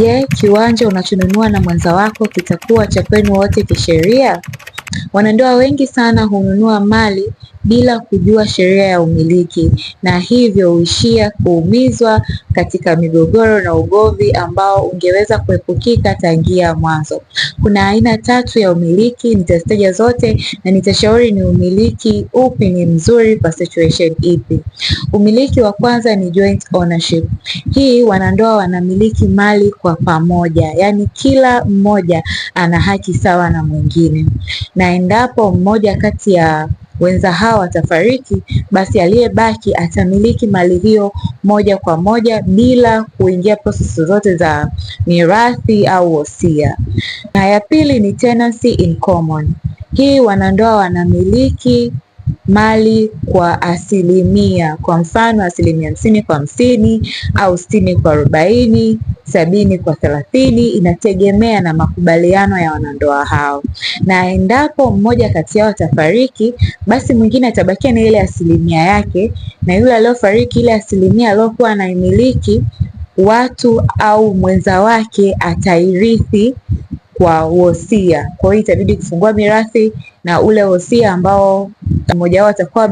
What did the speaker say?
Je, kiwanja unachonunua na mwenza wako kitakuwa cha kwenu wote kisheria? Wanandoa wengi sana hununua mali bila kujua sheria ya umiliki na hivyo huishia kuumizwa katika migogoro na ugomvi ambao ungeweza kuepukika tangia mwanzo. Kuna aina tatu ya umiliki, nitazitaja zote na nitashauri ni umiliki upi ni mzuri kwa situation ipi. Umiliki wa kwanza ni joint ownership. Hii wanandoa wanamiliki mali kwa pamoja, yaani kila mmoja ana haki sawa na mwingine, na endapo mmoja kati ya wenza hao watafariki, basi aliyebaki atamiliki mali hiyo moja kwa moja bila kuingia prosesi zote za mirathi au wosia. Na ya pili ni tenancy in common. Hii wanandoa wanamiliki mali kwa asilimia. Kwa mfano asilimia hamsini kwa hamsini au sitini kwa arobaini sabini kwa thelathini inategemea na makubaliano ya wanandoa hao, na endapo mmoja kati yao atafariki, basi mwingine atabakia na ile asilimia yake, na yule aliyofariki ile asilimia aliyokuwa anaimiliki watu au mwenza wake atairithi kwa wosia. Kwa hiyo itabidi kufungua mirathi na ule wosia ambao mmoja wao atakuwa